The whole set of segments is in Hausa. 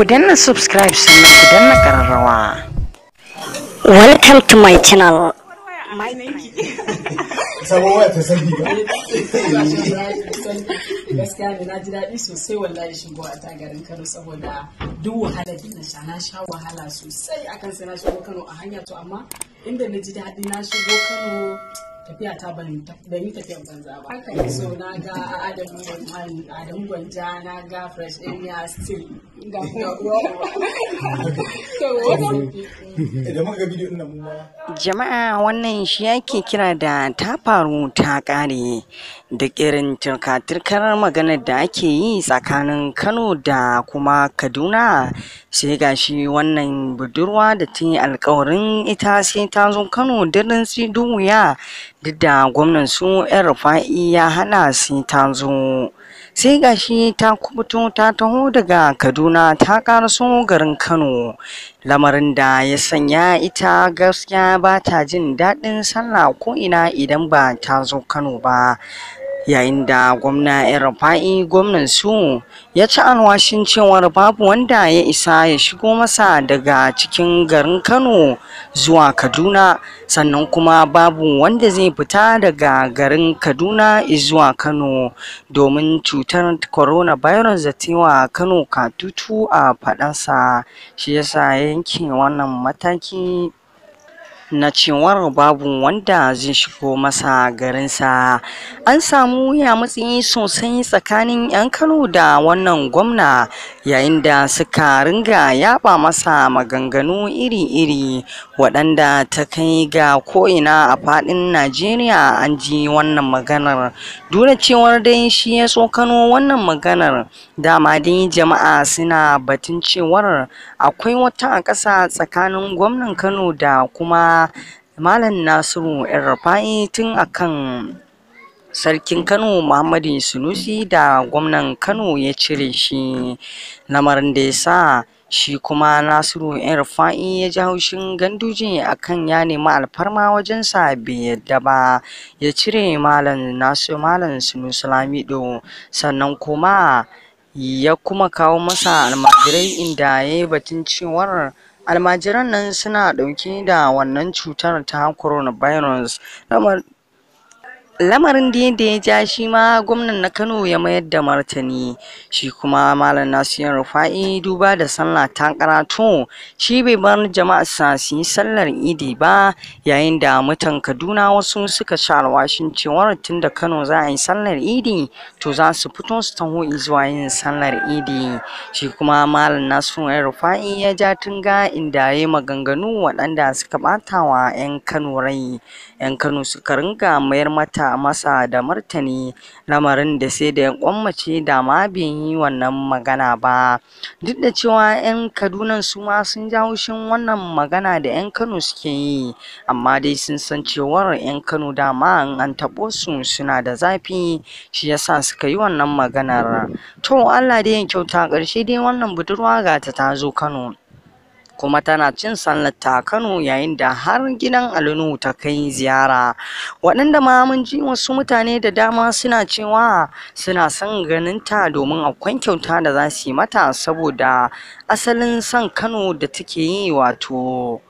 ku danna subscribe sannan ku danna kararrawa welcome to my channel sabon waya ta sabi ba gaskiya ne na ji daɗi sosai wallahi shigo a tagarin kano saboda duk wahala bi na sha na sha wahala sosai akan sai na shigo kano a hanya to amma inda na ji daɗi na shigo kano tafiya ta ban yi tafiya banza ba haka so na ga adamu gwanja na ga fresh area still ga jama'a wannan shi yake kira da ta faru ta ƙare da irin turka-turkar maganar da ake yi tsakanin kano da kuma kaduna sai gashi wannan budurwa da ta yi alkawarin ita sai ta Kano daren si wuya duk da gwamnan su yan rufa'i ya hana si ta zo. Sai gashi ta kubuto ta taho daga Kaduna ta karaso garin Kano lamarin da ya sanya ita gaskiya ba ta jin daɗin sallah ko ina idan ba ta zo Kano ba. yayin da gwamna rufa'i gwamnan su ya ci alwashin cewar babu wanda ya isa ya shigo masa daga cikin garin kano zuwa kaduna sannan kuma babu wanda zai fita daga garin kaduna zuwa kano domin cutar coronavirus da tewa kano katutu a fadansa shi yasa yanke wannan mataki na cewar babu wanda zai shigo masa garinsa an samu matsayi sosai tsakanin 'yan kano da wannan gwamna yayin da suka ringa yaba masa maganganu iri-iri waɗanda ta kai ga ko'ina a faɗin najeriya an ji wannan maganar dole cewar dai shi ya kano wannan maganar dama dai jama'a suna batun cewar akwai wata ƙasa tsakanin gwamnan kano da kuma malam nasiru yan rufa'i tun akan sarkin kano muhammadu sunusi da gwamnan kano ya cire shi lamarin da ya sa shi kuma nasiru yan rufa'i ya ji haushin ganduje akan ya nemi alfarma wajensa bai yadda ba ya cire malam Nasiru malam sunusi lamido sannan kuma ya kuma kawo masa almajirai inda ya yi batun cewar almajiran nan suna ɗauke da wannan cutar ta coronavirus lamarin da yadda ya ja shi ma gwamnan na kano ya mayar da martani shi kuma malam nasiru rufa'i duba da sallah ta karatu shi bai bar jama'a sa su yi sallar idi ba yayin da mutan kaduna wasu suka sha alwashin cewa tun da kano za a yi sallar idi to za su fito su taho zuwa yin sallar idi shi kuma malam nasiru rufa'i ya ja tunga inda ya yi maganganu waɗanda suka ɓata wa 'yan kano rai 'yan kano suka ringa mayar mata masa da martani lamarin da sai da ya kwammace da ma bai yi wannan magana ba duk da cewa 'yan kaduna su ma sun ja haushin wannan magana da 'yan kano suke yi amma dai sun san cewar 'yan kano dama ma an taɓo su suna da zafi shi yasa suka yi wannan maganar to allah dai ya kyauta ƙarshe dai wannan budurwa ga ta ta zo kano kuma tana cin sallar ta Kano yayin da har gidan Nuhu ta kai ziyara waɗanda ma mun ji wasu mutane da dama suna cewa suna son ganin ta domin akwai kyauta da za su yi mata saboda asalin son Kano da take yi wato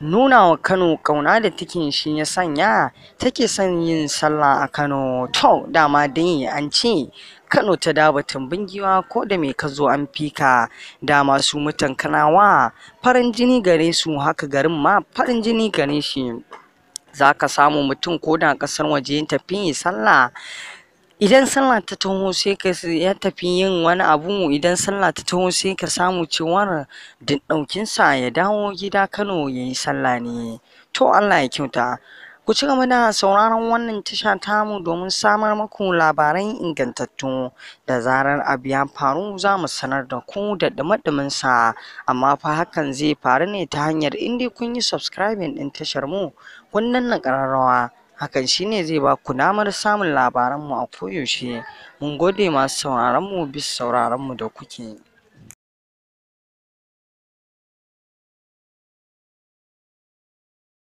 nuna wa Kano ƙauna da tikin shi ya sanya take son yin sallah a Kano. To dama dai an ce Kano ta daba tumbin giwa ko da me ka zo an fika dama su mutan Kanawa farin jini gare su haka garin ma farin jini gare shi. Za samu mutum ko da ƙasar waje tafi sallah idan sallah ta taho sai ka ya tafi yin wani abu idan sallah ta taho sai ka samu cewar sa ya dawo gida kano ya yi sallah ne to allah ya kyauta ku ci gaba da sauraron wannan tasha tamu domin samar maku labaran ingantattu da zarar abu ya faru za mu sanar da ku da dumadumin sa amma fa hakan zai faru ne ta hanyar inda kun yi subscribing ɗin tashar mu kun na ƙararrawa hakan shine zai ba ku damar samun labaran mu a koyaushe mun gode masu mu bisa mu da kuke